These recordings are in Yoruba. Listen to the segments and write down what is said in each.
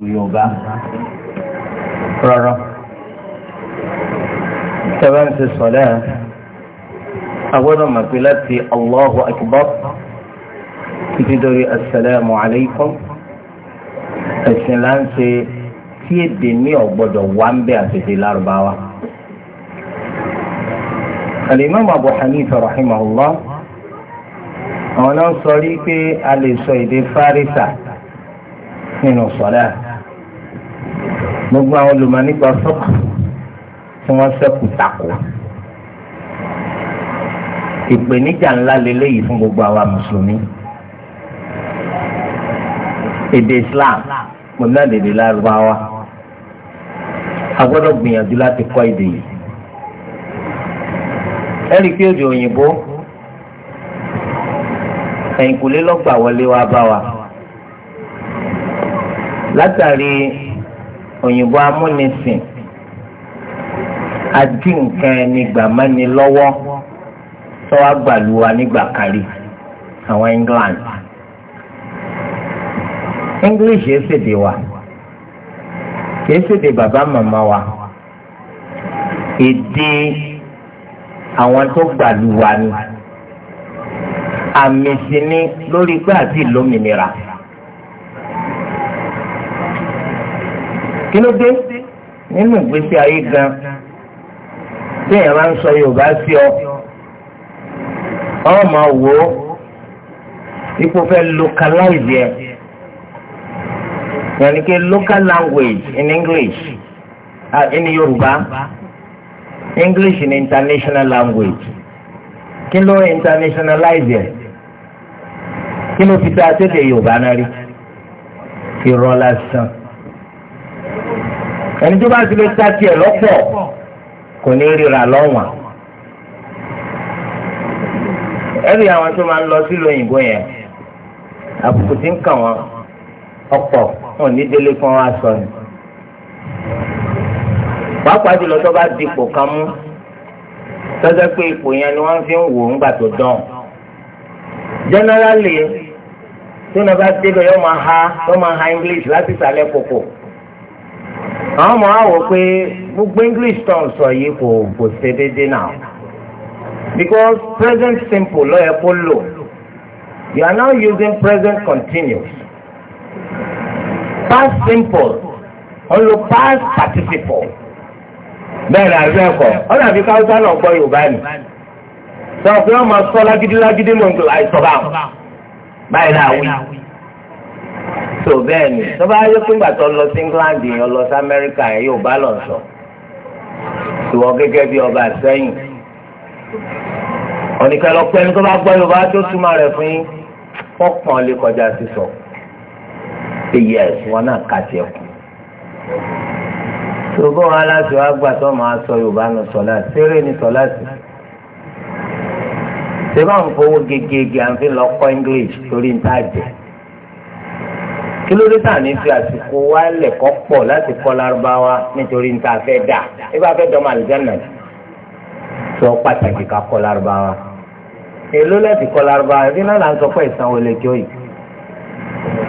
yorùbá rárá tẹ́wá ń ṣe sọ̀lẹ́ agbọ́dọ̀ mọ̀ pé láti allahu akbar títí dórí asalaamu alaykum ẹ̀sìn là ń ṣe tí èdè ní ọ̀gbọ́dọ̀ wá ń bẹ́ àtẹ̀tẹ̀ lárúbáwá. alimami abu hanifa rahimahullah àwọn náà sọ rí pé a lè sọ èdè fárísà nínú sọ̀lẹ́ gbogbo àwọn olùmọ̀ nípa sọ́kù tí wọ́n sẹ́kù tako ìpèníjà ńlá lélẹ́yìí fún gbogbo àwa mùsùlùmí èdè Islam mo náà lè lè lárúbáwá a gbọ́dọ̀ gbìyànjú láti kọ́ èdè yìí ẹ̀rí pé òde òyìnbó ẹ̀yìnkùlé lọ́gbà wọlé wa bá wa látàrí òyìnbó amúnisìn adí nǹkan ẹni gbàmọ́ni lọ́wọ́ tó wá gbàlúwa nígbà kárí àwọn England English yìí ṣèdè wa kìí ṣèdè bàbá màmá wa èdè àwọn tó gbàlúwa ni àmì sí ni lórí pé àti ìlómìnira. kí ló dé nínú ìgbésí ayé gan téèyàn máa ń sọ Yorùbá sí ọ ọ máa wò ó ipò fẹ́ localize yẹ yàní ké local language in English uh, in Yorùbá English in international language kí ló internationalize yẹ kí ló fi ta sédè Yorùbá náà rí irọ́ lásán ẹni tó bá ti lè ta tiẹ̀ lọ́pọ̀ kò ní ríra lọ́wọ́n ẹ̀rí àwọn tó máa ń lọ sílùú òyìnbó yẹn àbùkù tí ń kàn wọ́n ọ̀pọ̀ wọn ò ní délé kan wá sọ ni pàápàá jùlọ tó bá dipò kan mú tọ́jọ́ pé ipò yẹn ni wọ́n fi ń wò ńgbà tó dán generally tó náà bá débẹ̀ yóò máa ha yóò máa ha English láti sàlẹ̀ kòkò àwọn ọmọ àwọ̀ pé gbogbo english tó ń sọ yìí kò kò ṣe déédéé náà because present simple ló kó lò you are now using present continuous past simple ó lo past participle bẹ́ẹ̀ ni àbí ẹ̀kọ́ ó dàbí káwùsá náà gbọ́ yorùbá ni sọ pé wọ́n sọ lágídí lágídí ló ń gbé àìsàn báwọn báyìí náà wí tó bẹ́ẹ̀ ni tó bá yẹ fún gbàtọ́ lọ sí England yẹn lọ sí Amẹ́ríkà yẹn yóò bá lọ sọ ìwọ gẹ́gẹ́ bí ọba sẹ́yìn ọ̀nìkan lọ pẹ́ni tó bá gbọ́ Yorùbá tó túmọ̀ rẹ̀ fún yín wọ́n pọ̀n lè kọjá sísọ èyí ẹ̀sùn wọn náà kà tiẹ̀ kù ṣògbọ́n wọn aláṣọ àgbà tó máa sọ Yorùbá nù sọ̀lá sẹ́rẹ̀ ní sọ̀lá sí ṣé báwọn fowó gegege à ń fi lọ kọ́ English torí ń tà jẹ́ kí ló dé tàn ní fi àsìkò wa lẹ̀kọ́ pọ̀ láti kọ́ lárúbáwá nítorí níta fẹ́ dà ẹ bá fẹ́ dọ́mọ àlùjáná sọ pàtàkì ká kọ́ lárúbáwá èló láti kọ́ lárúbáwá ẹbí náà là ń sọ pé ìsan olè jó yìí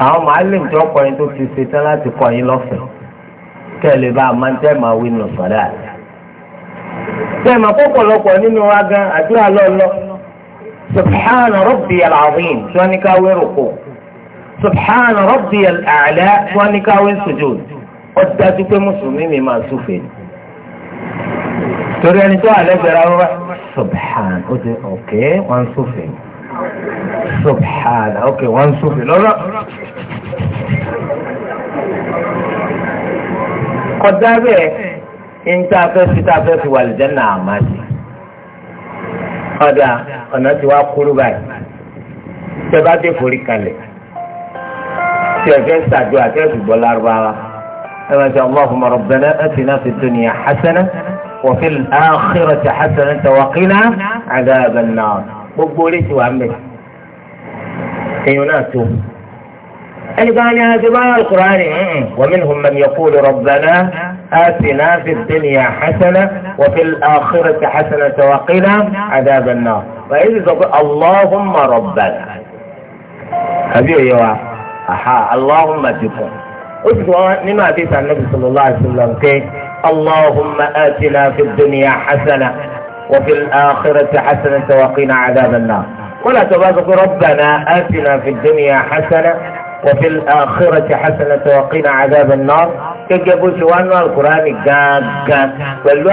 àwọn màálìm tí wọ́n kọ́ yín tó ti ṣe tán láti kọ́ yín lọ́fẹ̀ẹ́ kẹ́lẹ́ bá a máa ń tẹ́ máa wí nù sọ́dà tẹ́ẹ̀mà kọ́kọ̀lọpọ̀ nínú wa gan àdúrà lọ́lọ́ subhana subhana rabbi al-a'la wọn ní káwé sojúd ó dájú pé mùsùlùmí mi máa súfè ni torí ẹni tó àlẹ́ bẹ̀rẹ̀ àwọn bá subhana ó ti ọ̀kẹ́ wọn súfè ni subhana ọ̀kẹ́ wọn súfè lọ́rọ́. kọjá bẹ́ẹ̀ ń fẹ́ fi fẹ́ fi wà lìjẹ́ náà má sí. ọ̀dà ọ̀nà tí wàá kúrú báyìí tẹ bá dé forí kalẹ̀. ti ẹ̀kẹ́ sàdó àkẹ́sì gbọ́ lárúbáwá ẹ máa ṣe allahumma rabbana atina fid dunya hasana wa fil akhirati hasanatan wa qina adhaban nar gbogbo orí ti wà ń bẹ̀ èèyàn náà tó. الباني هذا القرآن ومنهم من يقول ربنا آتنا في الدنيا حسنة وفي الآخرة حسنة وقنا عذاب النار وإذ اللهم ربنا هذه يا aha allahumma dikun ó sì wọ́n nínú àdéhùn anábì sallallahu alaihi wasallam pé allahumma atina fi dunya hasana wa fi akhirati hasana wa qina adhaban nar kódà tó bá sọ pé rabbana atina fi dunya hasana wa fi akhirati hasana wa qina adhaban bó ṣe wá ní alukur'an gángan pẹ̀lú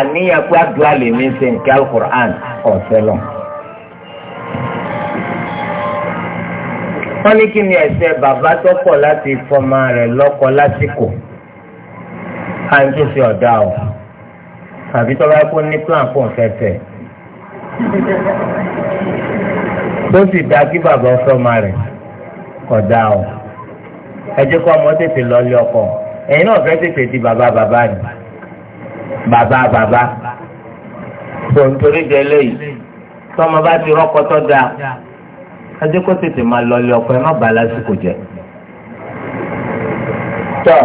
àníyàn pé àdúrà lè mí ṣe alukur'an ọ̀sẹ̀ lọ. wọ́n ní kí ni ẹ̀ṣẹ̀ bàbá tó kọ̀ láti fọmọ rẹ̀ lọ́kọ lásìkò à ń tó ṣe ọ̀dà o àbí tó bá kó ní plan fún ọ̀fẹ́fẹ́ tó sì dá kí bàbá fọmọ rẹ̀ ọ̀dà o ẹ jẹ́ kó ọmọ tètè lọ́lé ọkọ ẹ̀yin náà fẹ́ tètè di bàbá bàbá ni bàbá bàbá tó ń torí jẹ lẹ́yìn tọ́mọ bá ti rọ́kọ tó dáa ẹjẹ́ kó tètè máa lọ ilé ọkọ ẹ má bàa lásìkò jẹ. tọ́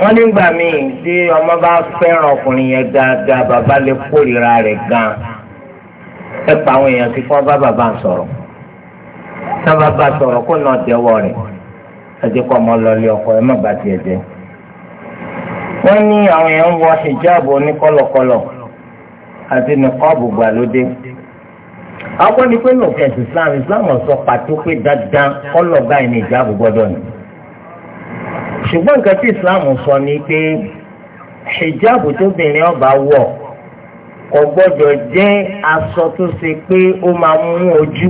wọ́n nígbà míì tí ọmọ bá fẹ́ràn ọkùnrin yẹn gàgà bàbá lè kórìíra rẹ̀ gan ẹ pa àwọn èèyàn sí kí wọ́n bá bàbá sọ̀rọ̀ tá bàbá sọ̀rọ̀ kó nà dẹ́wọ́ rẹ̀ ẹjẹ́ ọmọ lọ ilé ọkọ ẹ má bàa tiẹ̀ jẹ. wọ́n ní àwọn èèyàn ń wọ hijab oníkọ́lọ̀kọ́lọ̀ àti nìkọ́ọ̀bù gbàlódé àwọn ni pé nù kẹsì islam islam sọ pàtó pé dandan ọlọ́gbà ẹni ìjáàbò gbọ́dọ̀ ni ṣùgbọ́n nǹkan tí islam sọ ni pé ìjáàbò tóbìnrin ọba wọ̀ kò gbọ́dọ̀ jẹ́ aṣọ tó ṣe pé ó máa mú ojú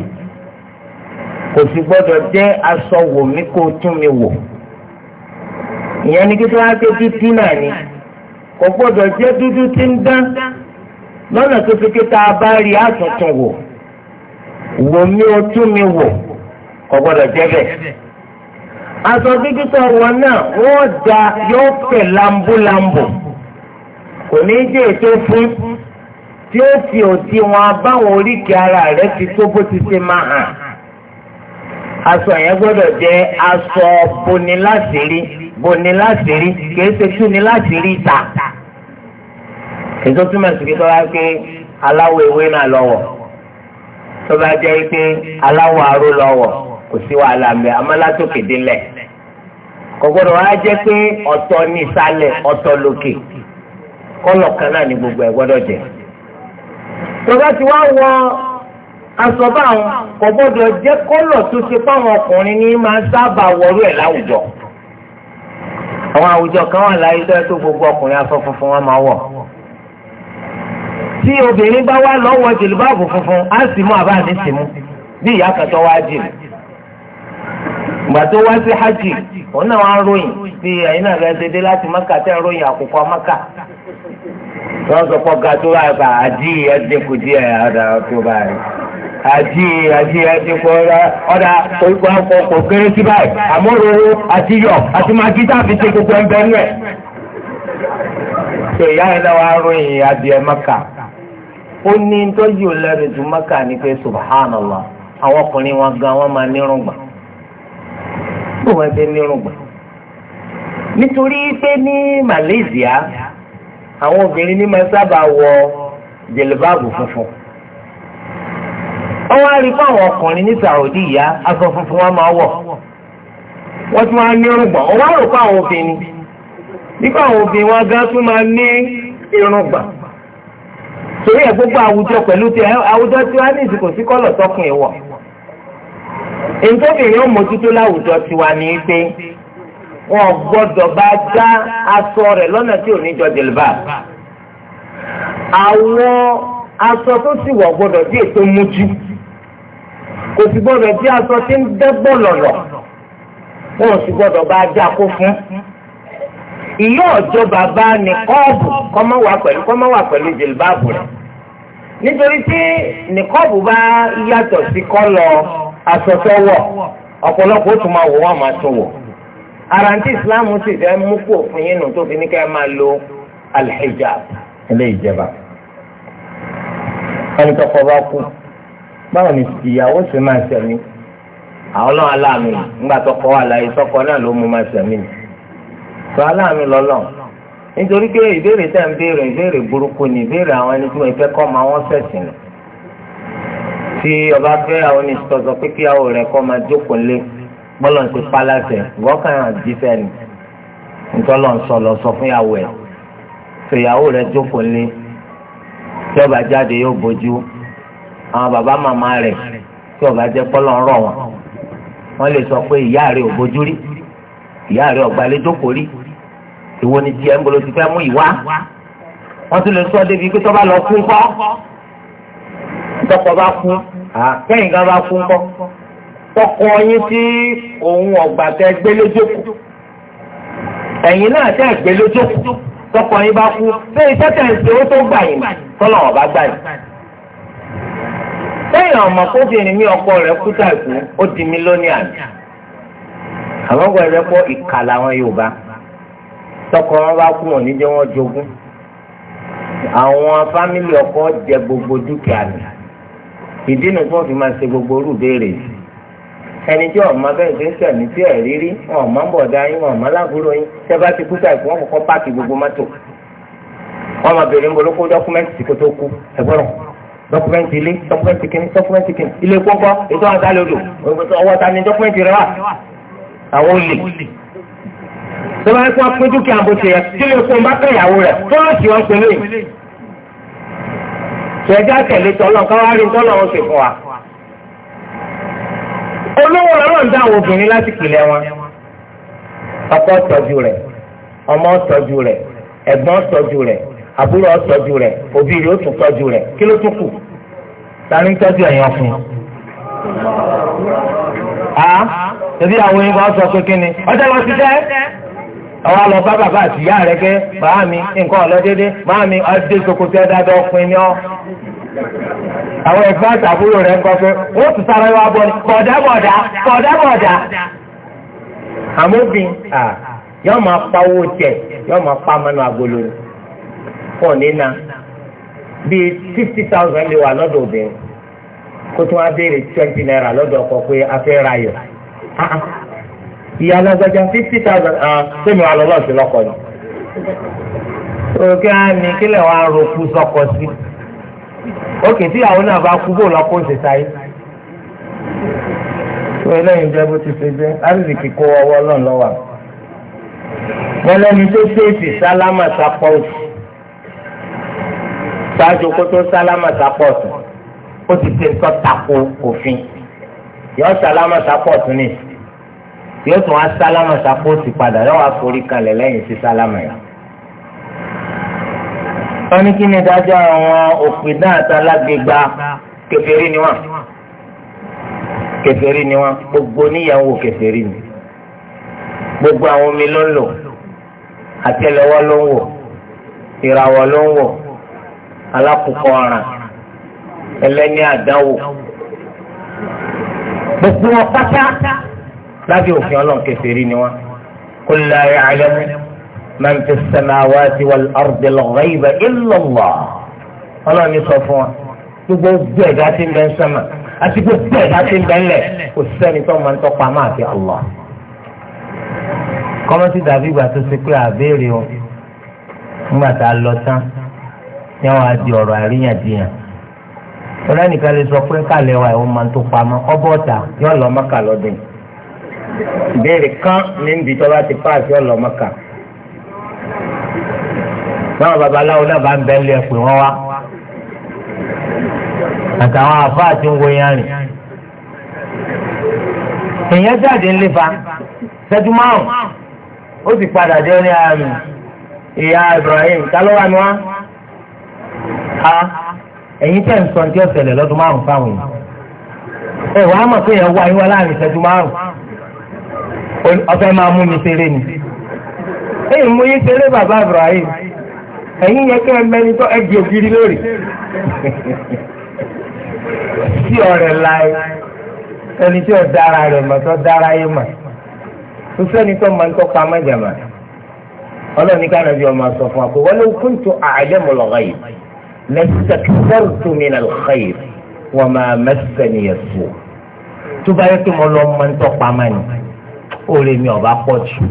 kò sì gbọ́dọ̀ jẹ́ aṣọ wò mí kó tún mi wò ìyẹn ni kíkọ́ ákẹ́ títí náà ni kò gbọ́dọ̀ jẹ́ dúdú tí ń dán lọ́nà tó fi ké tá a bá rí àtúntún wò. wò mí mi wò kò gbọdọ jẹ́ bẹ́ẹ̀. aṣọ gidi tó náà wọ́n da yóò fẹ̀ lambúlambù kò ní jẹ́ ètò fún fi òtí wọn báwọn ara ti tó bó ti ṣe máa hàn. aṣọ yẹn aṣọ kìí ṣe ta. túmọ̀ tó bá jẹ́ pé aláwọ̀ aró lọ́wọ́ kò sí wàhálà mẹ́ amálátòkè délẹ̀ kò gbọ́dọ̀ wá jẹ́ pé ọ̀tọ̀ ní ìsàlẹ̀ ọ̀tọ̀ lókè kọ́lọ̀ kan náà ni gbogbo ẹ̀ gbọ́dọ̀ jẹ́ Tọ́lá ti wá wọ aṣọ báwọn kò gbọ́dọ̀ jẹ́ kọ́lọ̀ tó ṣe fáwọn ọkùnrin ní máa sábà wọrú ẹ̀ láwùjọ àwọn àwùjọ kan wà láyé tó yẹ tó gbogbo ọkùnrin aṣọ funfun wọn máa wọ̀ tí obìnrin bá wá lọ́wọ́ jìlúbáàbù funfun á sì mú àbá ní sì mú bí ìyá kan tó wá jì mí. ìgbà tó wá sí hajj òun náà wá ń ròyìn bí ẹ̀yin náà fẹ́ dédé láti maka tẹ́ ń ròyìn wọ́n sọ pé ọ̀gá tó bá àjí ẹ̀dínkù díẹ̀ ọ̀dà tó bá àjí àjí ẹ̀dínkù ọ̀dà kò kéré sí báyìí àti yọ̀ àti ó ní tọ́jú ọlẹ́rìí ju mẹ́kà ní pé subhanallah àwọn ọkùnrin wọn gan wọn máa nírùngbà bó wọn ṣe nírùngbà nítorí pé ní Malaysia àwọn obìnrin ní máa sábà wọ jẹlẹbáàbù funfun wọ́n wá rí fáwọn ọkùnrin ní Saudi ìyá aṣọ funfun wọn máa wọ̀ wọ́n tún máa ní irùngbọ̀n wọ́n wá rò fáwọn obìnrin nípa àwọn obìnrin wọn gan tún máa ní irùngbọ̀n. torí ẹ̀ gbogbo àwùjọ pẹ̀lú ti àwùjọ tí wọ́n á ní ìsìnkò sí kọ́lọ̀ tọkùn ìwọ̀ ìtòbìnrin ó mójútó láwùjọ tiwa ní pé wọn gbọ́dọ̀ bá dá aṣọ rẹ̀ lọ́nà tí ò ní jọ jìlbà àwọn aṣọ tó sì wọ̀ gbọ́dọ̀ sí ètò mójú kò sì gbọ́dọ̀ sí aṣọ tí ń dẹ́gbọ̀ lọ̀lọ̀ wọn sì gbọ́dọ̀ bá dá kó fún ìyá ọjọ́ bàbá ni kọ́ọ̀bù kọ́mọ́wà pẹ̀lú kọ́mọ́wà pẹ̀lú jìlbà bù rẹ̀. nítorí tí nìkọ́ọ̀bù bá yàtọ̀ sí kọ́lọ̀ asọ̀tọ̀wọ̀ ọ̀pọ̀lọpọ̀ ó máa wò wọ́n máa tún ara ní ìsìláàmù sì fẹ́ mú kú òfin yín nù tó fi ní ká máa lo alhijab ilé ìjẹba ẹni tọkọ bá kú báwo ni ìyàwó sì máa sẹ̀mí àwọn náà aláàánú nígbà tọkọ wà náà ló mú máa mi. ni sọ aláàánú nítorí pé ìbéèrè tá à ń béèrè ìbéèrè burúkú ni ìbéèrè àwọn ẹni tí wọ́n fẹ́ kọ́ máa wọ́n sẹ̀sìn nù tí ọba fẹ́ àwọn oníṣòtọ̀sọ pé kí àwọn rẹ̀ kọ́ máa jókòó lé bọ́lọ̀ ti pálásẹ̀ ìwọ́kàn àjíṣẹ́ ni ntọ́lọ̀ ń sọ lọ sọ fún ìyàwó ẹ̀ fìyàwó rẹ̀ jókòó lé tí ọba jáde yóò bójú àwọn bàbá màmá rẹ̀ tí ọba jẹ́ pọ́lọ̀ ń rọ̀ wọ́n wọ́n lè sọ pé ìyá rẹ̀ ò bójú ìwọ ni tiẹ̀ ń bolo ti fẹ́ mú ìwá wọ́n tún lè sọ débi pé tọ́ba lọ kú kọ́ tọkọ bá kú kẹ́yìn kan bá kú kọ́ tọkọ yín tí òun ọ̀gbà tẹ gbé lójókòó ẹ̀yin náà tẹ gbé lójókòó tọkọ yín bá kú ṣé iṣẹ́ tẹ̀ ń tó gbà yín tọ́lọ̀ ọ̀bá gbà yín. sẹ́yìn ọmọ kóbìnrin mi ọkọ rẹ̀ kú tàìkú ó di mílíọ̀nì àná àwọn ọgbà rẹ̀ pọ̀ ìkà làwọn Yorùbá tọkọ wọn bá kú wọn níjẹ wọn jogún àwọn fámìlì ọkọ jẹ gbogbo dúkìá mi ìdí nu tí wọn fi máa ṣe gbogbo orú béèrè yìí ẹni tí wọn máa bẹ́ẹ̀ ṣe sẹ̀mí tí ẹ̀ rírí wọn máa ń bọ̀dá yín wọn máa lábúrò yín tẹ́ bá ti kú sáì fún wọn kọ́kọ́ páàkì gbogbo mọ́tò wọn máa bèrè ń bolo kó dọ́kúmẹ́ǹtì kó tó kú ẹ̀gbọ́n dọ́kúmẹ́ǹtì ilé dọ́kúmẹ́ǹtì kìíní dọ́kúmẹ́ǹtì kìíní ilé kọ́kọ́ ètò àtàlódò ọwọ́ ta ni dọ́kúmẹ́ǹtì rẹ wà àwọn olè tó bá ń kó pín dúkìá bó ṣe yẹ kí ló kó ń bá pẹ́ ìyàwó rẹ̀ tó lọ́ọ̀tì wọn pè lóyìn. ṣẹjá tẹ̀lé tọ́lọ̀ káwá rí tọ́lọ̀ wọn ṣe fún wa. olówó ọlọ́run dá àwọn obìnrin láti pìlẹ̀ wọn. ọkọ tọ́jú rẹ̀ ọmọ tọ́jú rẹ̀ ẹ̀gbọ́n tọ́jú rẹ̀ àbúrò tọ́jú rẹ̀ òbí rẹ̀ ó tún tọ́jú rẹ̀ kí ló tún kù? tani tọ́jú ẹ̀yàn fún a àwọn yìí kan sọ pé kí ni ọjọ́ lọ sí jẹ́ àwọn àlọ́ bá bàbá àti ìyá rẹ̀ pé bàá mi nǹkan ọ̀lọ́ dédé bàá mi ọdẹ sokoto ẹ̀ dáadáa ọkùnrin ni ọ́. àwọn ẹ̀gbọ́n àtàbúrò rẹ̀ ń kọ́ pé ó ti sára wá bọ́ ni bọ̀dá bọ̀dá bọ̀dá bọ̀dá. àmóbin yóò máa pa owó tiẹ̀ yóò máa pa mọ́nú agolo pọ̀ nínà bíi fifty thousand lè wà lọ́dọ̀ obìnrin kó tún wá béèrè twenty naira lọ́dọ̀ ọkọ pé a fẹ́ ra yọ̀ ah, ah. ìyá alágbájá fifty thousand ah sẹ́mi wà lọ́lọ́ sí lọ́kọ̀ ni. òkè àmì kílẹ̀ wàá roku sọkọ sí òkè tí àwọn náà bá kú bó lọ́kọ̀ ṣe sáyé. tó eléyìí jẹ́ bó ti ṣe jẹ́ láti kíkó ọwọ́ lọ́n lọ́wọ́ wọn lẹ́ni tó ṣèèṣì sálámà sápọ́ọ̀tù ṣáájú kó tó sálámà sápọ́ọ̀tù ó ti ṣe nǹkan tako òfin yọ sálámà sápọ́ọ̀tù nìyí yóò tún wá sálámà sàpóòtì padà yóò wá forí kalẹ̀ lẹ́yìn sí sálámà yà. wọ́n ní kí ni dájọ́ àwọn òpìdán àtàlágbègbà kèfèrí ni wọ́n kèfèrí ni wọ́n gbogbo níyàwó kèfèrí ni gbogbo àwọn omi ló ń lò àtẹ́lẹwọ́ ló ń wò ìràwọ̀ ló ń wò alákòókò ọ̀ràn ẹlẹ́ni àdánwò gbogbo wọn pátá lábẹ́ òfin ọlọ́run kèfèrí ni wọ́n. qul la ya'lamu man fi as-samawati wal-ardi al-ghayba illa Allah ọlọ́run ní sọ fún wa gbogbo gbogbo ẹ̀dá tí ń bẹ ń sánmà àti gbogbo ẹ̀dá tí ń bẹ ń lẹ̀ kò sẹ́ni tó máa ń tọ́pa máa fi Allah. kọ́mọ́tì dàbí ìgbà tó ṣe pé àbẹ́rẹ́ o nígbà tá a lọ tán ní àwọn àdì ọ̀rọ̀ àríyànjiyàn ọlọ́nìkan lè sọ pé kálẹ̀ wa ìwọ́n máa ń tó pamọ́ ọbọ̀ ọ̀tà yóò lọ mọ́kà lọ́dún yìí. ìbéèrè kan ní tó bá ti páàsì ọlọmọkà báwọn babaláwo náà bá ń bẹ lé wọn wá àtàwọn àfáà tí ń wo yẹn rìn èèyàn jáde ńlẹ fa ṣẹ́jú márùn ó sì padà dé ní um, ìyá Ibrahim kálọ́wà ni wá a ẹ̀yin tẹ̀ ń sọ ní lọ́dún ọ̀fẹ́ máa mú mi ṣeré ni ẹ̀yìn mú yí ṣeré bàbá Ibrahim ẹ̀yìn yẹ kí ẹ mẹ́ni tó ẹ̀dì ògiri lórí sí ọ̀rẹ́ láì ẹni tí ó dára rẹ̀ mọ̀ tó dára yé mọ̀ tó sẹ́ni tó máa ń tọ́ pa mẹ́jàmá ọlọ́ọ̀ni kára bí ọmọ sọ fún wa pé walaw kuntu a'lamul ghaib lastakthartu minal khair wa ma massaniya as-su' tó bá yẹ kí mo lọ máa ń tọ́ pa mẹ́jàmá oore mi ọba pọ̀ jù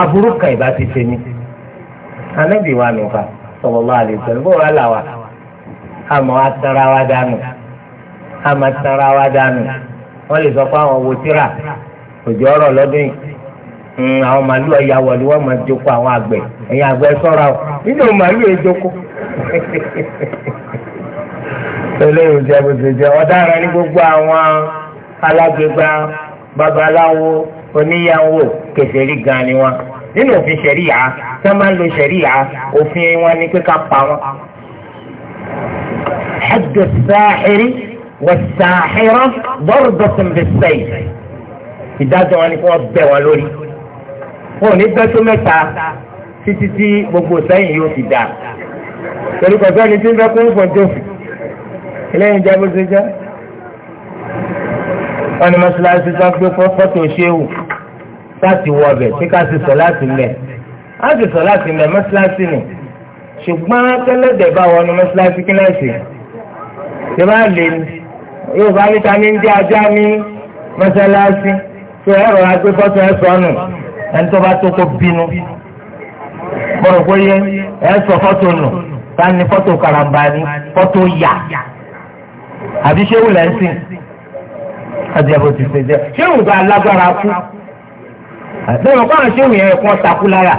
aburú kan ìbá ti ṣe mí anábì wa nùfà sallallahu alaihi wasallam bó wà láwà àmọ́ atara wa dànù àmọ́ atara wa dànù wọ́n lè sọ pé àwọn wo tíra òjò ọ̀rọ̀ lọ́dún yìí hmm, àwọn màálù ọ̀yà wọ̀lú wọn máa jókòó àwọn àgbẹ̀ ẹ̀yìn àgbẹ̀ sọ́ra o nínú màálù yẹn jókòó eléyìí ò jẹ́ bó ṣe jẹ́ ọ̀daràn ní gbogbo àwọn alágbègbè babaláwo oníyàwó kèfèrí gan ni wọn nínú òfin ṣẹ̀ríyà tí wọ́n máa ń lo ṣẹ̀ríyà òfin wọn ni pé ká pa wọn. حد الساحر والساحرة ضربة بالسيف ìdájọ́ wọn ni kí wọ́n bẹ̀ wọn lórí wọn ò ní bẹ́ tó mẹ́ta títí tí gbogbo sẹ́yìn yóò fi dà torí kọ̀ọ̀kan ni tí ń bẹ́ kó ń fọ́n tó fi eléyìí bó ṣe jẹ́ wọ́n ní mọ́ṣáláṣí tó gbé fọ́tò ṣéwù láti wọ ọbẹ̀ tí ká sì sọ láti lẹ̀ á sì sọ láti lẹ̀ mọ́ṣáláṣí nì ṣùgbọ́n kẹlẹ́dẹ̀ bá wọnú mọ́ṣáláṣí kí náà ṣe ṣe bá lè ní yóò bá níta ní ń dé ajá ní mọ́ṣáláṣí tó ẹ̀rọ agbé fọ́tò ẹ̀ sọnù ẹni tó bá tó kó bínú bọ́rọ̀ pé yẹ ẹ̀ sọ fọ́tò nù ká ní fọ́tò karambani fọ́tò yà àbí ṣéwù lẹ́sìn. ọjọ́ bó ti ṣe jẹ́ ṣéwù gba alágbára kú bẹ́ẹ̀ mọ̀ káwọn ṣéwù yẹn kọ́ takú láyà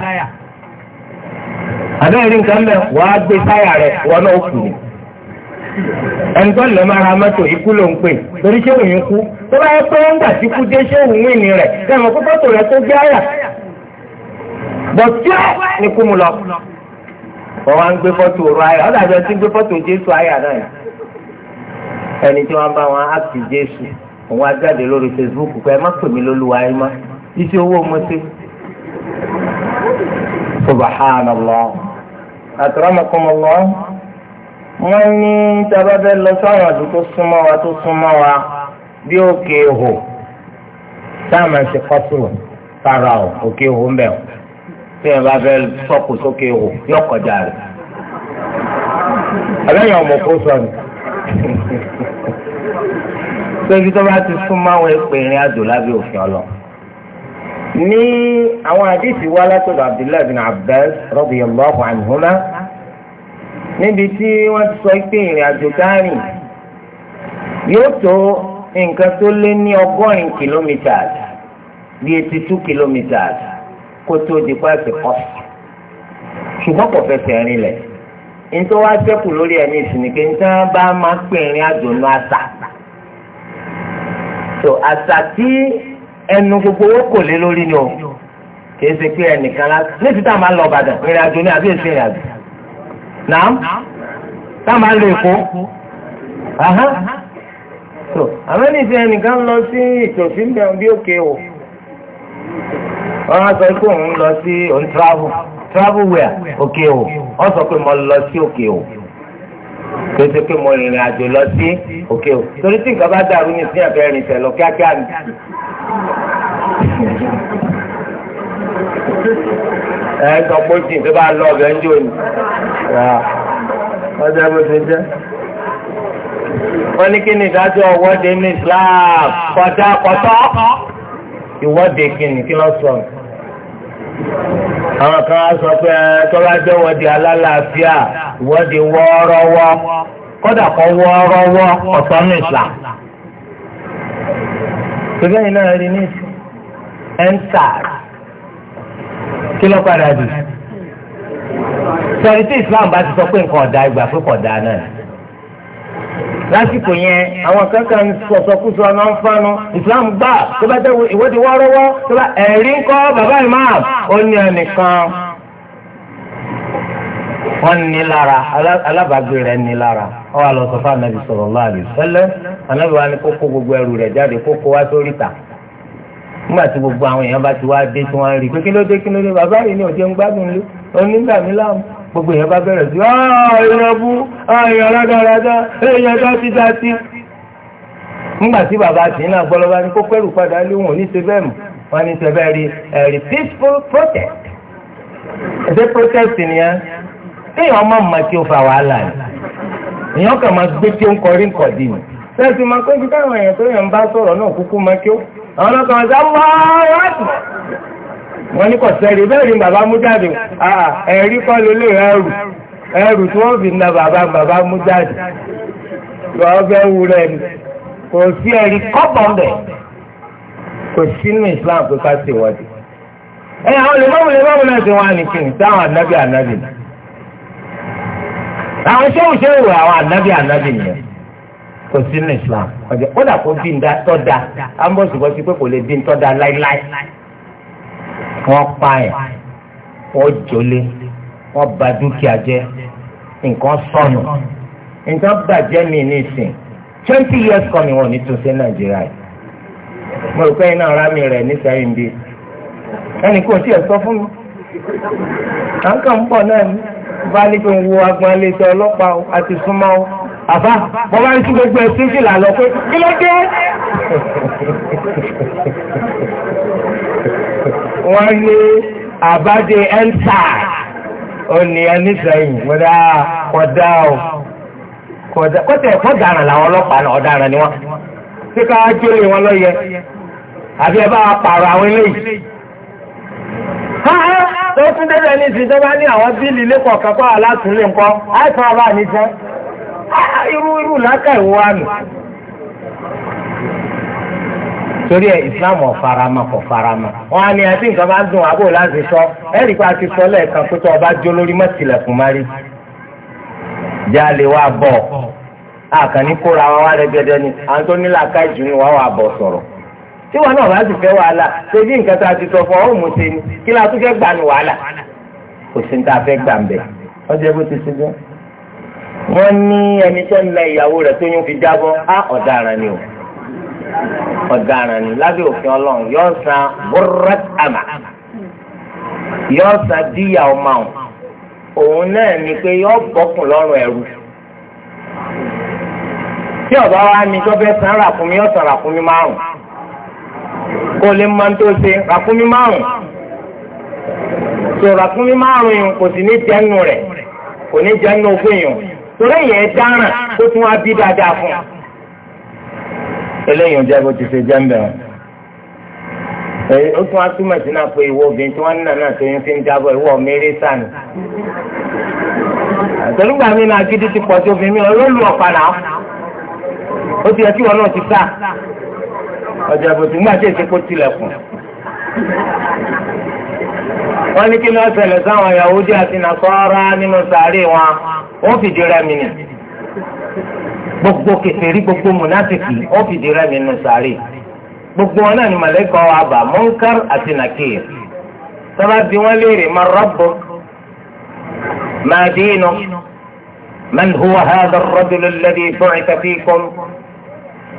àbẹ́rẹ́ rí nǹkan mẹ́ wàá gbé táyà rẹ̀ wọ́n náà kù ní ẹni tó lè máa ra mọ́tò ikú ló ń pè torí yẹn kú tó bá kú dé fọ́tò tó gbé àyà kú mu lọ wọ́n wá ń fọ́tò Jésù àyà náà ẹni tí wọ́n bá wọn Jésù òun ajáde lórí Facebook pé ẹ má pè mí lólúwa ẹ má iṣẹ́ owó mo ṣe. subhanallah akramakumullah wọ́n ní tábàbẹ́ lọ sọ́run àti tó súnmọ́ wa tó súnmọ́ wa bí òkè hò táàmù ẹ̀sìn kọ́sùrù tara ọ̀ òkè hò ń bẹ̀ tí ẹ bá fẹ́ sọ́kù sókè hò yọ kọjá rẹ̀. ọmọ kó sọ ni pé ibi tó bá ti súnmọ́ àwọn ẹ̀pẹ̀ ìrìn àjò lábẹ́ òfin ọlọ. ní àwọn àdìsí wa látọ̀dọ̀ Abdullahi bin Abdul Abbas radiyallahu anhuma níbi tí wọ́n ti sọ pé ìrìn àjò dárìn yóò tó nǹkan tó lé ní ọgọ́rin kìlómítà bí eighty two kìlómítà kó tó di pàṣẹ kọ́sì ṣùgbọ́n kò fẹsẹ̀ rìn lẹ̀ nítorí wá sẹ́kù lórí ẹ̀ ní ìsìnkè nítorí wọ́n bá máa pè ìrìn àjò náà sàkà so àṣà tí ẹnu gbogbo owó kò lé lórí ni o kì í ṣe pé ẹnìkan lá ní ti táwọn máa ń lọ Ìbàdàn ìrìn àjò ní àbí èsì ìrìn àjò nàám táwọn máa ń lọ Èkó so àwọn ènìyàn ẹnìkan lọ sí ìtòsí ń bẹ̀rù bí òkè o wọ́n á sọ pé òun lọ sí òun travel travel where òkè o wọ́n sọ pé mo lọ sí òkè o kéde pé mo rìnrìn àjò lọ sí òkè o torí tí nǹkan bá dàrú ní sí ẹ̀fẹ́ rìn tẹ̀ lọ kíákíá ni. ẹ sọ pé tí nǹkan bá lọ ọ̀bẹ ń jò ní. ọjọ́ bó ṣe jẹ́. wọ́n ní kí ni ìdájọ́ ìwọ́de ní Islam kọjá kọtọ́ ìwọ́de kí ni kí lọ́ sọ àwọn kan á sọ pé tọ́lá jẹ́ wọ́de alálàáfíà ìwọ́de wọ́ọ́rọ́wọ́ kódà kọ́ wọ́ọ́rọ́wọ́ ọ̀tọ̀ ní Islam. ṣùgbọ́n iná rí ní ensars kí ló padà dì? sọ̀rọ̀ tí Islam bá ti sọ pé nǹkan ọ̀dà ìgbà pé kọ̀dà náà lásìkò yẹn àwọn kankan sọ̀sọ̀kúsọ náà ń fanu islam gbà tó bá jẹ́ ìwọ́de wọ́ọ́rọ́wọ́ tó bá ẹ̀rí ń kọ́ bàbá imam ó ní ẹnìkan wọ́n ní lára alábàágbé rẹ̀ ní lára ó wá lọ sọ fún anabi ni kókó gbogbo ẹrù rẹ̀ jáde kókó wá sórí ta nígbà gbogbo àwọn èèyàn bá ti wá dé tí wọ́n rí pé kí ló dé kí ló dé bàbá ni ò gbádùn lé gbogbo èèyàn bá bẹ̀rẹ̀ sí ọ̀ọ́yọ̀bú ah, ọ̀ọ́yọ̀ èèyàn ah, tó ti nígbà tí bàbá ní padà lé wọn ní sebẹ́ téèyàn ọmọ mọ tí ó fa wàhálà ni èèyàn kàn máa gbé tí ó ń kọrí nǹkan dì ní. sẹ́ẹ̀sì máa pé kí káwọn èèyàn tó yàn bá sọ̀rọ̀ náà kúkú máa kí ó àwọn náà kàn sá wáá wọn ní kò sẹ́ẹ̀rì bẹ́ẹ̀ ni bàbá mú jáde ẹ̀rí kọ́ ló lè ẹrù ẹrù tí wọ́n fi na bàbá bàbá mú jáde lọ́ọ́ fẹ́ wú rẹ̀ ni kò sí ẹ̀rí kọ́bọ̀ bẹ̀ kò sínú Islam pé ká ṣèwọ́de. ẹ̀yà àwọn lè mọ́mú àwọn ṣéwù ṣéwù àwọn ànábì ànábì nìyẹn kò sí ní islam ọjọ ó dà kó di ń tọ́da ambọ̀sibọ́sí pé kò lè di ń tọ́da láíláí wọ́n pààyàn wọ́n jólé wọ́n ba dúkìá jẹ́ nǹkan sọnù nǹkan bàjẹ́ mi nísìn twenty years kan ni wọn ò nàìjíríà yìí mo rò pé iná ara mi rẹ̀ nísẹ́yìn bíi ẹnì kò tiẹ̀ sọ fún mi à ń kàn ń bọ̀ náà ni. bá ní ń wo agbọn iléeṣẹ́ ọlọ́pàá o àti súnmọ́ o àbá wọ́n bá ń sí gbogbo ẹ̀ sífì làlọ́ pé kí ló dé. wọ́n ní àbájẹ ẹ́ńtà ó ní ẹni sẹ́yìn ah, o kọ̀dá kọ́tẹ̀ ẹ̀kọ́ dàrán làwọn ọlọ́pàá náà ọ̀daràn ni wọ́n ṣé ká jó lé wọn lọ́yẹ àbí ẹ bá wa àwọn eléyìí tó tún débẹ̀ ní ìsìn tó bá ní àwọn bíìlì ilé kọ̀ọ̀kan pa aláàtúnlé nǹkan àìsàn ọba ní tán irú irú làákà ìwọ àmì. torí ẹ islam ọ̀farama kò farama wọn á ní àti nǹkan bá ń dùn àbò láti sọ ẹ̀rí pa ti sọ lẹ́ẹ̀kan pé tó ọba jó lórí mọ́tìlẹ̀kùn márì jáde wá bọ̀ àkànní kóra wa wá rẹ́gẹ́dẹ́ ni àwọn làákà ìjùnú wa wà bọ̀ sọ̀rọ̀ tí wọn náà bá sì fẹ́ wàhálà ṣe bí nǹkan tá a ti sọ fún ọ́n mú ṣe ni kí la tún fẹ́ gbà ní wàhálà kò sí ní tá a fẹ́ gbà ń bẹ̀ ọjọ́ bó ti ṣe jẹ́. wọ́n ní ẹni tó ń la ìyàwó rẹ̀ tó yún fi jábọ́ á ọ̀daràn ni o ọ̀daràn ni lábẹ́ òfin ọlọ́run yóò san bọ́rọ́t àmà yóò san díyà ọmọ òun òun náà ni pé yóò bọ́kùn lọ́rùn ẹrú tí ọ̀bá wa ni tó fẹ́ san ràkúnmí ọ̀sán ràkúnmí márùn kó lè máa tó ṣe ràkúnmí márùn tó ràkúnmí márùn yìí kò sì ní jẹ́nu rẹ̀ kò ní jẹ́nu ogún yìí torí yẹn dáràn tó tún wá bí dáadáa fún un. eléyìí ń jẹ́ bó ti ṣe jẹ́ ń bẹ̀rẹ̀ èyí ó tún wá túmọ̀ sí náà pé ìwọ obìnrin tí wọ́n ń nà náà tó yín fi ń jábọ̀ ìwọ mẹ́rẹ́ sànù. àtẹnugbà mi náà gidi ti pọ̀ sí obìnrin mi olólùwọ̀ padà ó ti yẹ kí wọn náà ti sá ọjà bòtú nígbà tí èsì kò tilẹ̀kùn. wọ́n ní kí ló ṣẹlẹ̀ sáwọn Yahudi àti Nasara nínú sàárè wọn wọ́n fìdí rẹmi ni gbogbo kèfèrí gbogbo mùnáfìkì wọ́n fìdí rẹmi nínú sàárè gbogbo wọn náà ni màlẹ́kọ̀ wa bà Munkar àti Nakir sábà bí wọ́n léèrè ma rọ́bù ma dínú man huwa hadha ar-rajul alladhi bu'itha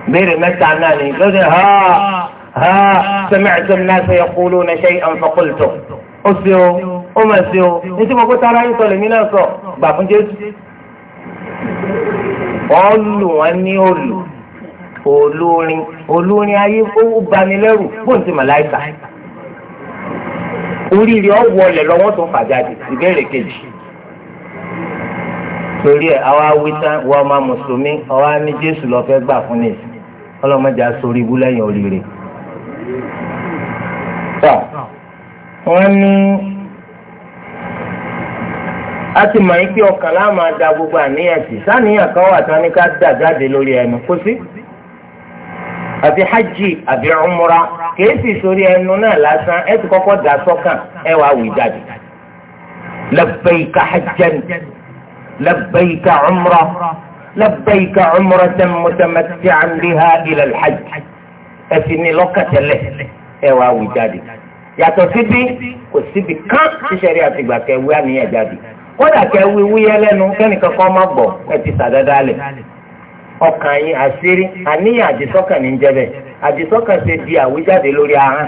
béèrè mẹ́ta náà ni lóde ha ha sami'tu an-nasa yaquluna shay'an faqultu ó sì o ó mà sí o ní tí mo kó tara yín sọ lèmi náà sọ gbà fún jésù wọ́n lù wọ́n ní òlù olórin olórin ayé owó banilẹ́rù bóńtì màláìkà oríire ọ̀wọ́lẹ̀ lọ́wọ́ tó fà jáde ìbéèrè kejì torí ẹ̀ àwa wí tán wọ́n máa mùsùlùmí ọ̀wá ní jésù lọ́ọ́ fẹ́ gbà fún nìyí ọlọ́mọdé asorí ibú lẹ́yìn oríire. wọ́n ní a ti mọ̀ yín pé ọkàn láàmú ada gbogbo àníyàn sí sáníyàn kan wà tán ní ká dà jáde lórí ẹnu kó sí àti hajj àbí umra kìí sì sórí ẹnu náà lásán ẹ ti kọ́kọ́ da sọ́kàn ẹ wàá wí jáde labbaika hajjan labbaika umra labbaika umratan mutamatti'an biha ila al-hajj ẹ̀sìn ni lọ́kàtẹ́lẹ̀ ẹ̀ wá wí jáde yàtọ̀ síbi kò síbi kán tíṣẹ̀rí àtìgbà kẹwé àníyàn jáde kódà kẹwé wúyẹ́ lẹ́nu kẹ́nìkan kọ́ má gbọ́ ẹ ti sàdáadáa lẹ̀ ọkàn yín àṣírí àníyàn àdìsọ́kàn ní jẹ́bẹ̀ àdìsọ́kàn ṣe di àwíjáde lórí ahọ́n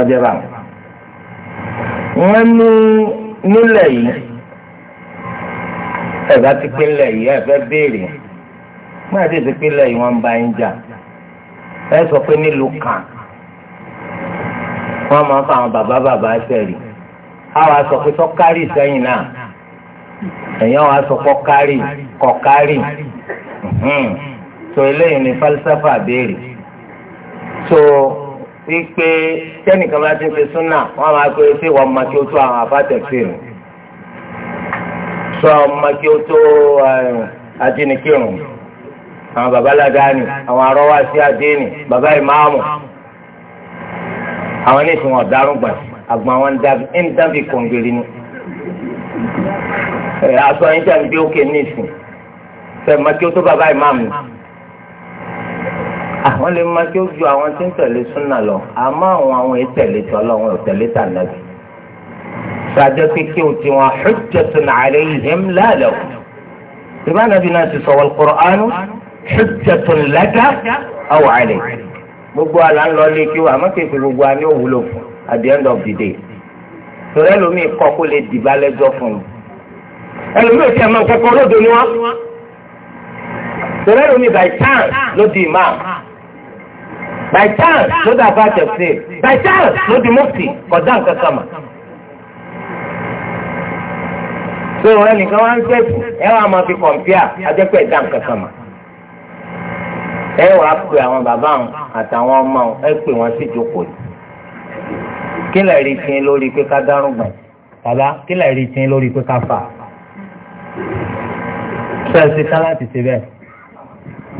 ọjọ́ wọn ní nílẹ̀ yìí ẹ̀dá ti pínlẹ̀ yìí ẹ̀ fẹ́ béèrè máa ti ti pínlẹ̀ yìí wọ́n ń bá yín jà ẹ sọ pé nílùú kan wọ́n máa ń fa àwọn bàbá bàbá sẹ́rì àwa sọ pé sọ́kárì sẹ́yìn náà èèyàn wa sọ kọ́kárì kọ́kárì so eléyìí ni falsafa béèrè so wípé tẹ́nìkan bá ti fi súnà wọ́n máa pe ṣé wọ́n máa kí ó tó àwọn afátẹ̀sí rẹ̀ sọ ọmọ kí ó tó eh, adínikírun àwọn babalágaani àwọn arọwàsí adéni baba ìmáàmù àwọn ní ìsìn ọ̀daràn gbà àgbọn àwọn ń dábì kọ̀ǹgìrì ni eh, aṣọ yín tẹ̀ ń gbé òkè ní ìsìn fẹ́ mọ kí ó tó baba ìmáàmù àwọn ah, lè mọ kí ó ju àwọn tí ń tẹ̀lé súnà lọ àmọ́ àwọn àwọn ètẹ̀lé tọ́lọ́ wọn ò tẹ̀lé tà nàbì gbàjọ́ kékeré ò tiwọn hujjatun alayhim la lahu. ìbá nàbí náà ti sọ wal Qur'anu hujjatun laka aw alayk. gbogbo àlà ń lọ lé kí wọ́n àmọ́ kéèké gbogbo àní òwúlò fún at the end of the day. sọ̀rọ̀ ẹlòmíì kọ́ kó lè dìbà lẹ́jọ́ fún un. ẹlòmíì ti ẹ̀mọ́ kọ́kọ́ lóde ni wọ́n. sọ̀rọ̀ ẹlòmíì by chance ló di imam. by chance ló dàbà tẹ̀sí by chance ló di mufti kọ̀dá nǹkan kan pé òun ẹnìkan wá ń sẹ́ẹ̀kù ẹ wàá máa fi kọ̀m̀pìà ajẹ́pẹ́ ìdá nǹkan kan mà. ẹ wàá pe àwọn bàbá wọn àtàwọn ọmọ wọn ẹ pè wọn sí ìjókòó yìí. kí lè rí tiẹ̀ lórí pé ká dárúgbọ̀n bàbá kí lè rí tiẹ̀ lórí pé ká fà. sọ èsì tán láti ṣe bẹ́ẹ̀.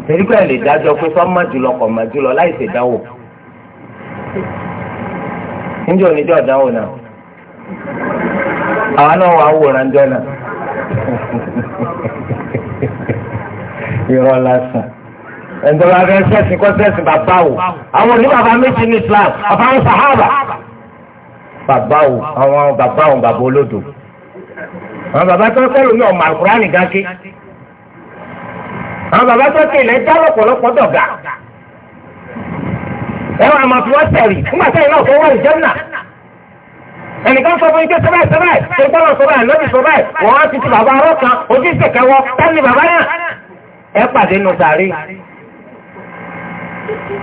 torí pé ẹ lè dájọ́ pé sọ́mọ́ jùlọ kọ̀ mọ́ jùlọ láì ṣèdánwò. níjọ́ oníjọ́ ìdánwò náà àwọn náà wà wòran jọ́nà irọ́ lásán ẹ̀ńdọ́rọ̀ abẹ́ sẹ́sìn kọ́ sẹ́sìn bàbá wò àwọn òní bàbá méjì ní Islam bàbá ń sàhábà bàbá wò àwọn bàbá wò bàbá olódò àwọn bàbá tó kẹ́lò ní ọmọ àkùránì gáké àwọn bàbá tó kẹ́lẹ̀ dá lọ́pọ̀lọpọ̀ dọ̀gà ẹ̀wọ̀n àmọ̀ fi wọ́n tẹ̀rì nígbà tẹ̀yìn náà kẹ́wọ́ ìjọ́nà ẹnìkan sọ fún ike sọ́bẹ̀ sọ́bẹ̀ tó gbọ́dọ̀ sọ́bẹ̀ lọ́bì sọ́bẹ̀ wọ́n á ti ti bàbá arọ́ kan ojú ìṣẹ̀kẹ́ wọ tẹ́lẹ̀ bàbá yàn ẹ pàdé nù sàárì.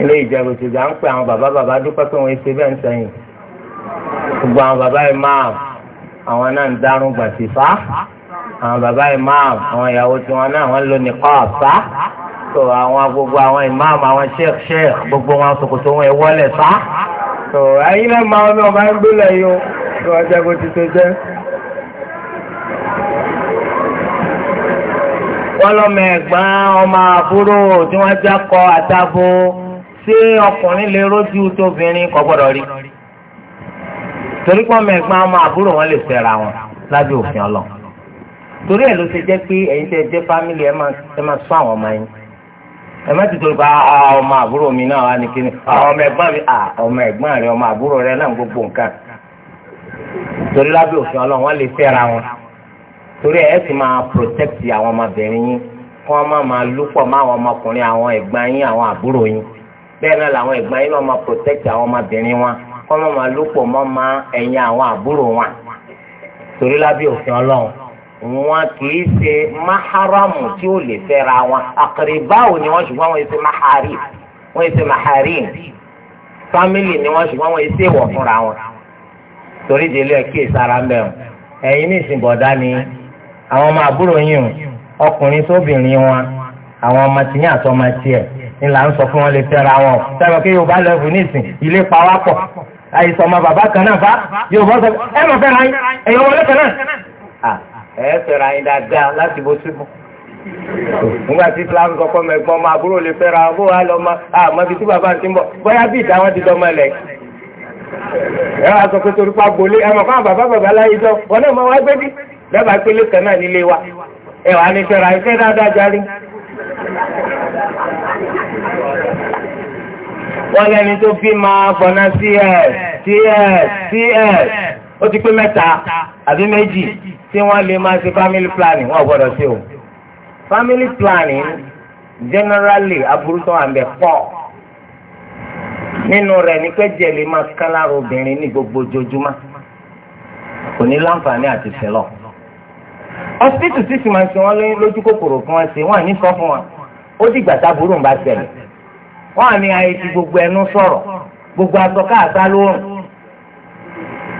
ilé ìjẹun ìṣèjà ń pè àwọn bàbá bàbá dúpẹ́ pé wọ́n ṣe bẹ́ẹ̀ ń sẹ́yìn gbogbo àwọn bàbá imam àwọn náà ń dárún gbàtífà àwọn bàbá imam àwọn ìyàwó tiwọn náà wọ́n lò ní kọ́ọ̀sá so àwọn gbogbo àwọn imam àwọn sheikh sheikh gbogbo wọn ṣòkòtò wọn ìwọlẹ̀ sá so ẹ̀yin máa ń lọ máa ń gbélé yìí o tó wá jẹ́ bó ti ṣe jẹ́. wọ́n lọ́mọ ẹ̀gbọ́n ọmọ àbúrò tí wọ́n já kọ àtàbò ṣé ọkùnrin lè rójú tóbìnrin kò gbọ́dọ̀ rí torí pé ọmọ ẹ̀gbọ́n ọmọ àbúrò wọn lè fẹ́ra wọn lábẹ́ òfin ọlọ́ torí ẹ̀ ló ṣe jẹ́ pé ẹ̀yin tẹ́ jẹ́ fámìlì ẹ máa sọ àwọn ọmọ yín ẹ má ti torí pé ah, ọmọ àbúrò mi náà wà ní kíni ah, ọmọ ẹ̀gbọ́n mi ah, ọmọ ẹ̀gbọ́n rẹ ọmọ àbúrò rẹ náà gbogbo nǹkan torí lábẹ́ òfin ọlọ́run wọ́n lè fẹ́ra wọn torí ẹ̀ sì máa protect àwọn ọmọbìnrin yín kí wọ́n má máa lúpọ̀ mọ́ àwọn ọmọkùnrin àwọn ẹ̀gbọ́n yín àwọn àbúrò yín bẹ́ẹ̀ náà làwọn ẹ̀gbọ́n yín náà máa protect àwọn ọmọbìnrin wọn kí wọ́n má máa lúpọ̀ mọ́ má ẹ̀yìn àwọn àbúrò wọn torí lábẹ́ òfin ọlọ́run wọn kì í ṣe máhàrámù tí ó lè fẹ́ra wọn àkàrìbáwò ni wọ́n ṣùgbọ́n wọ́n ṣe máhàrí wọ́n ṣe máhàrí fámìlì ni wọ́n ṣùgbọ́n wọ́n ṣe wọ̀ fúnra wọn torí délé ẹ kí èsì ara mẹ́rin ẹ̀yin ní ìsìn bọ̀dá ni àwọn ọmọ àbúrò yín ọkùnrin sóbìnrin wọn àwọn ọmọ tìyín àti ọmọ tiẹ̀ ni là ń sọ fún wọn lè fẹ́ra wọn sẹ́wọ̀n kí yorùbá lẹ́fù ní ìsìn ilé pa wá pọ̀ àìsàn ọmọ bàbá kan náà fa yorùbá sọ ẹ mọ̀ fẹ́ra yín ẹ̀yin ọmọ lẹ́fẹ̀ẹ́ náà. ẹ fẹ́ra yín dáadáa láti bó síbò nígbà tí islam kọ́kọ́ mẹ́gbọ́n ọmọ àbúrò lè fẹ́ra wọn bó wà lọ́mọ àmọ́ ibi tí bàbá ti ń bọ̀ bóyá bí ìdáwọ́ ti lọ́mọ ẹlẹ́kì ẹ wá sọ pé torí pa gbolé ẹ mọ̀ fún bàbá bàbá láyé jọ wọn náà mọ wá gbé bí dábàá pélé kan náà nílé wa ẹ wà ní sọ̀rọ̀ àìsẹ́ dáadáa járí. wọ́n lẹ́ni tó bí máa gbọ́ná cs cs cs ó ti pé mẹ́ta àbí méjì tí wọ́n lè máa ṣe family planning wọ́n gbọ́dọ̀ ṣe o family planning generally aburú tó wà ń bẹ pọ̀ nínú rẹ̀ ní pé jẹ̀lẹ̀ máa kán lára obìnrin ní gbogbo ojoojúmọ́ kò ní láǹfààní àti fẹ́lọ̀ hospital tí sì máa ń ṣe wọ́n lójú kòkòrò kí wọ́n ṣe wọ́n àní sọ fún wọn ó dìgbà táburú ń bá ṣẹlẹ̀ wọ́n àní ayé ti gbogbo ẹnu sọ̀rọ̀ gbogbo aṣọ káàtá lóorùn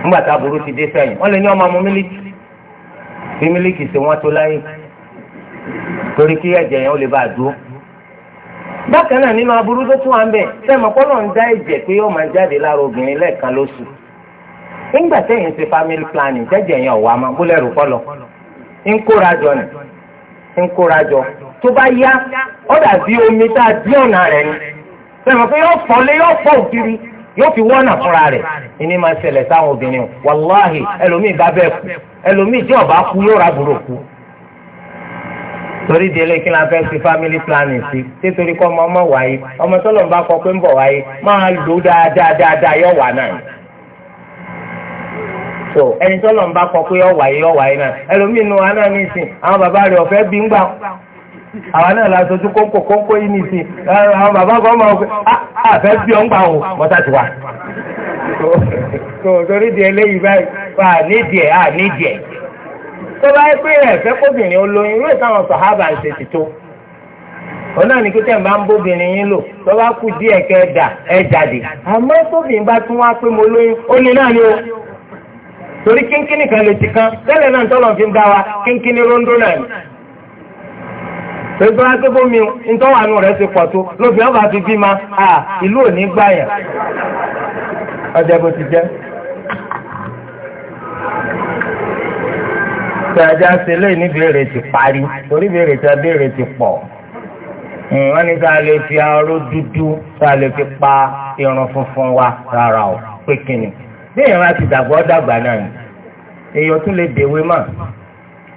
nígbà táburú ti dé sẹ́yìn wọ́n lè ní ọmọ ọmọ mílíkì fi mílíkì ṣe wọ́n tó láyé torí kí ẹ̀jẹ̀ yẹn ó lè bá a dúró. bákan náà nínú aburú tó tún wà ń bẹ̀ sẹ́mi kọ́lọ̀ ń dá ẹ̀jẹ̀ pé yóò máa jáde lára obìnrin lẹ́ẹ̀kan lóṣù nígbà ṣe family planning jeje yẹn ọ̀wá ma bólẹ̀ rù kọ́lọ̀ ń kóra jọ nì ń kóra jọ tó bá yá ó dàbí omi tá a dí ọ̀nà ni sẹ́mi pé yóò fọ́ lé yóò fọ́ òkiri yóò fi wọ́nà fúnra rẹ ìní máa ṣẹlẹ̀ sáwọn obìnrin wàláhì ẹlòmíì bá bẹ́ẹ̀ kú ẹlòmíì tí ọ̀bá kú yóò rà bùrọ̀ kú torí délé kí la fẹ́ ṣe family planning sí ṣé torí kọ́ ọmọ ọmọ wáyé ọmọ tọ́lọ̀ ń bá kọ pé ń bọ̀ wáyé máa lò dáadáa dáadáa yọ̀ wà náà so ẹni tọ́lọ̀ ń bá kọ pé yọ̀ wáyé yọ̀ wáyé náà ẹlòmíì nù wá náà nìsín àwọn bàbá rẹ̀ ọ̀fẹ́ bí ń gbà àwọn náà la sojú kónkó kónkó yìí nìsín àwọn bàbá kan máa ah, ah, fẹ́ àfẹ́ bí ọ̀ ń gbà wò mọ́tà ti wà. so torí délé yìí báyìí wà nídìí ẹ̀ à nídìí tó bá yẹ pé ẹ̀fẹ́ kóbìnrin olóyún irú ìtàwọn sọ̀hábà ń ṣe tìtó òun náà ní kíkẹ́ máa ń bóbìnrin yín lò tó bá kú díẹ̀ kẹ́ ẹ dà ẹ jáde àmọ́ tóbìnrin bá tún wá pé mo lóyún ó ní náà ni o torí kínkínní kan lè ti kan tẹ́lẹ̀ náà tọ́lọ̀ fi ń dá wa kínkínní róńdó náà ni pẹ̀lú akéko mi ntọ́wánu rẹ̀ ti pọ̀ tó lóbi ọba fi bí ma ìlú ò ní gbà bó ti jẹ́. pé ajá ń ṣe lẹ́yìn níbèrè ti parí torí bèrè ti abèrè ti pọ̀ hmm, wọ́n ní ká lè fi aró dúdú ká lè fi pa irun funfun wa rárá o pé kíni bí ìran ti dàgbọ́ dàgbà náà ni èèyàn tún lè dèwé mà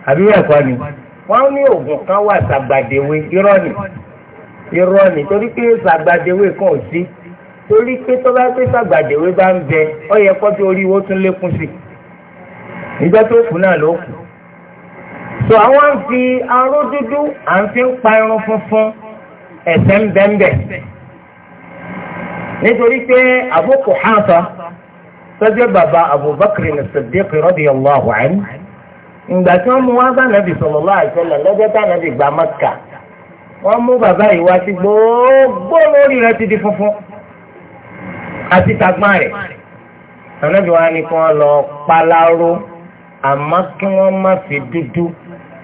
àbí ẹ̀kọ́ ni wọ́n ní oògùn kan wà sàgbàdèwé irọ́ ni irọ́ ni torí pé sàgbàdèwé kan ò sí torí pé tó bá pé sàgbàdèwé bá ń bẹ ọ yẹ kó tó orí wo tún lékún sí ìjọ tó kù náà ló kù tó àwọn ń fi aró dúdú à ń fi ń pa irun funfun ẹ̀sẹ̀ ń bẹ́ńbẹ́ nítorí pé Abu Quhafa tọ́jú bàbá Abubakar As-Siddiq radiyallahu anhu ìgbà tí wọ́n mú wá bá nàbì sallallahu alaihi wasallam lọ́jọ́ tá nàbì gba Mẹ́kà wọ́n mú bàbá yìí wá sí gbogbo lórí rẹ̀ ti di funfun àti tagbọ́n rẹ̀ nàbì wá ní kí wọ́n lọ paláró àmọ́ kí wọ́n má fi dúdú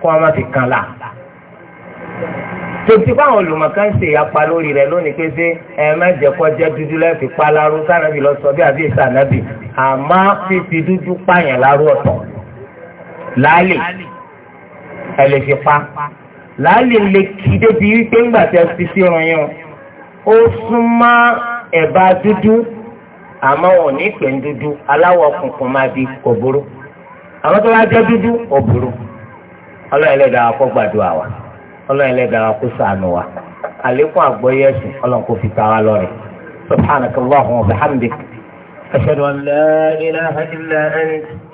kó wọn má fi kan la tòtí fáwọn olùmọ̀kan ṣe apá lórí rẹ̀ lónìí pé ṣé ẹ má jẹ́ kó jẹ́ dúdú lẹ́ẹ̀fì pa láró sànàbì lọ sọ bí àbí sànàbì àmọ́ fífi dúdú pààyàn láró ọ̀tọ̀ láàlè ẹ lè fi pa láàlè lè kí débi wípé ńgbà tẹ fi sí irun yẹn ó súnmọ́ ẹ̀bá dúdú àmọ́ wọn ò ní pè ń dúdú aláwọ̀ kùnkùn máa di kò burú àwọn tó bá jẹ́ dúdú ò burú ọlọ́run ẹlẹ́dàá kó gbàdúrà wa ọlọ́run ẹlẹ́dàá kó ṣàánú wa àlékún àgbọ́yé ẹ̀sìn ọlọ́run kó fi ta wa lọ́rẹ̀ subhanakallahumma wa bihamdik ashhadu an la ilaha illa anta.